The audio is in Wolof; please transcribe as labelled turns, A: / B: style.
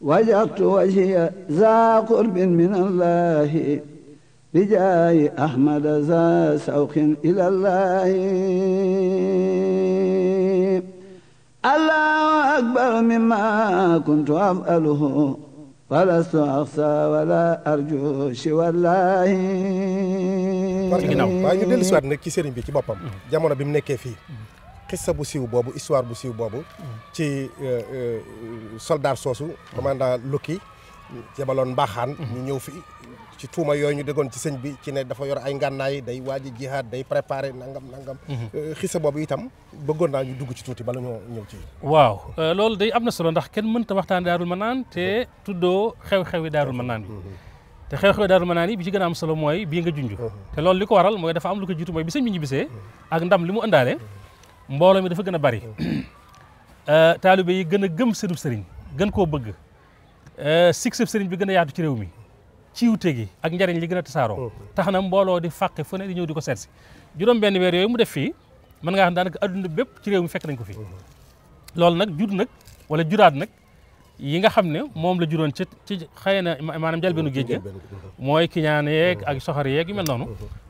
A: وجهت وجهي ذا قرب من الله بجاه أحمد ذا سوق إلى الله الله أكبر مما كنت أفعله ولست أخشى ولا أرجو سوى الله war ginnaaw waaye ñu dellu si waat nag
B: ci sëriñ bi ci boppam jamono bi mu nekkee fii xissa bu siw boobu histoire bu siw boobu ci euh, euh, soldat soosu commandant Lukki jebaloon mbaaxaan ñu ñëw fi ci tuuma yooyu ñu déggoon ci sëñ bi ci ne dafa yor ay ngànnaay day waaji jihaad day préparé nangam nangam mhm. euh, xissa boobu itam bëggoon naa ñu dugg ci tuuti bala ñoo ñëw ci
C: waaw loolu day am na solo ndax kenn mënta waxtaan daarul manaan te mhm. tuddoo xew-xewi daarul manaan bi mhm. te xew-xewi daarul manaan yi bi ci gën a am solo mooy bii nga junj te loolu li ko waral mooy dafa am lu ko jiitu mooy bi sëñ bi ñibbisee ak ndam li mu ëndaale mbooloo mi dafa gën a bari euh, taalibe yi gën a gëm seenub sëriñ gën koo bëgg euh, succès sëriñ bi gën a yaatu ci réew mi ciwte gi ak njariñ li gën a tasaaroo mm-hmm. tax na mbooloo di fàqe fu ne di ñëw di ko seet si juróom benn weer yooyu mu def fii mën ngaa xam daanaka adduna bépp ci réew mi fekk nañ ko fii mm-hmm. loolu nag jur nag wala juraat nag yi nga xam ne moom la juróon ci ci xëy na maanaam jalbeenu géej ga mooy ñaan yeeg ak soxor yeeg yu mel noonu
A: mm-hmm.